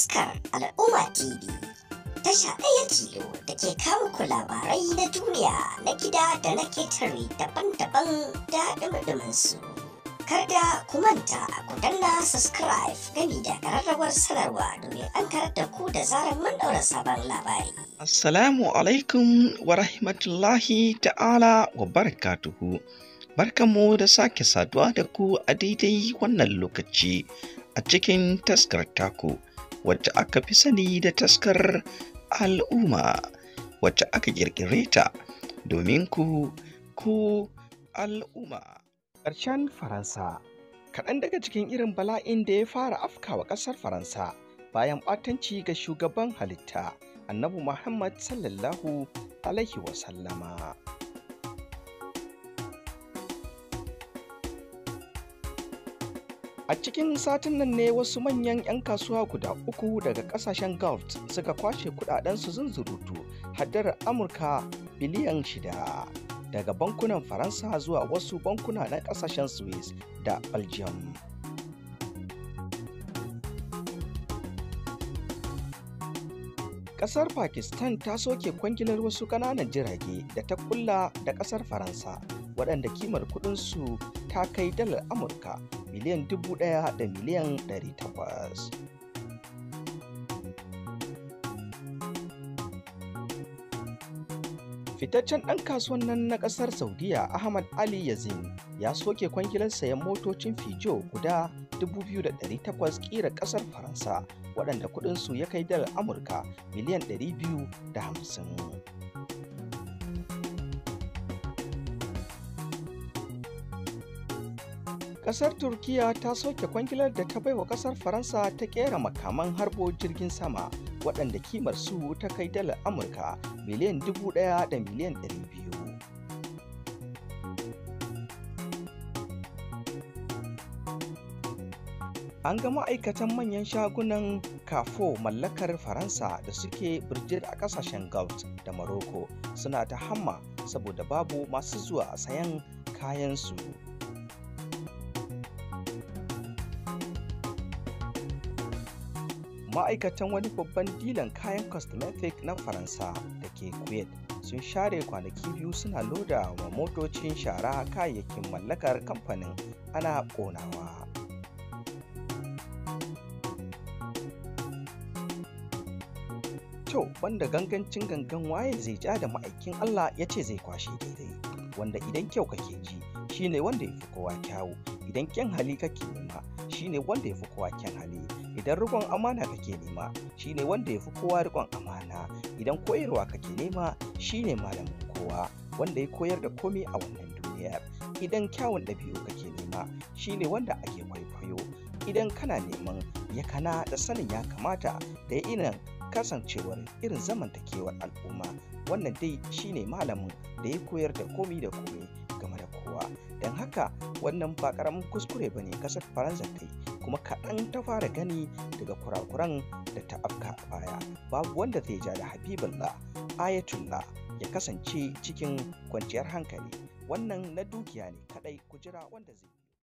al al'umma tv tasha ɗaya tilo da ke kawo ku labarai na duniya na gida da na ketare daban-daban da ɗumɗumin su kada ku manta a ku danna subscribe gami da ƙararrawar sanarwa domin an karar da ku da zarar mun ɗaura sabon labari assalamu alaikum wa rahmatullahi ta'ala wa barakatuhu Barkanmu da sake saduwa da ku a daidai wannan lokaci a cikin taskar taku wacce aka fi sani da taskar al'umma wacce aka ƙirƙire ta domin ku ku al'umma. Ƙarshen Faransa Kaɗan daga cikin irin bala'in da ya fara afkawa ƙasar Faransa bayan ɓatanci ga shugaban halitta annabi Muhammad sallallahu alaihi wasallama. A cikin satin nan ne wasu manyan 'yan kasuwa guda uku daga kasashen Gulf suka kwashe kudadensu zunzurutu haddar Amurka biliyan shida daga bankunan Faransa zuwa wasu bankuna na kasashen Swiss da Belgium. Kasar Pakistan ta soke kwangilar wasu kananan jirage da ta kulla da kasar Faransa. waɗanda kimar kuɗinsu ta kai dalar amurka miliyan dubu ɗaya da miliyan ɗari takwas fitaccen ɗan kasuwan nan na ƙasar saudiya ahmad ali yazin ya soke kwangilar sayan motocin fijo guda 2,800 ƙira ƙasar faransa waɗanda kuɗinsu ya kai dalar amurka miliyan 250 Ƙasar Turkiya ta soke kwangilar da ta bai wa ƙasar Faransa ta ƙera makaman harbo jirgin sama waɗanda kimar su ta kai dalar Amurka miliyan dubu ɗaya da miliyan ɗari biyu. An ga ma'aikatan manyan shagunan kafo mallakar Faransa da suke birjir a ƙasashen Gulf da Morocco suna ta hamma saboda babu masu zuwa sayan kayansu. ma'aikatan wani babban dilan kayan cosmetic na faransa da ke kuwait sun share kwanaki biyu suna loda wa motocin shara kayayyakin mallakar kamfanin ana ƙonawa to wanda gangancin gangan waye zai ja da ma'aikin allah ya ce zai kwashe daidai wanda idan kyau kake ji shine wanda ya fi kowa kyawu idan kyan hali kake nema shine wanda ya fi kowa kyan hali idan rikon amana kake nema shine wanda ya fi kowa rikon amana idan koyarwa kake nema shine malamin kowa wanda ya koyar da komi a wannan duniyar idan kyawun ɗabi'u kake nema shine wanda ake kwaikwayo idan kana neman ya kana da sanin ya kamata da ya ina kasancewar irin zamantakewar al'umma wannan dai shine malamin da ya koyar da komi da komi game da kowa don haka wannan ba ƙaramin kuskure ba ne kasar faransa ta yi kuma kaɗan ta fara gani daga kurakuran da ta afka a baya babu wanda zai ja da habibullah ayatullah ya kasance cikin kwanciyar hankali wannan na dukiya ne kadai ku jira wanda zai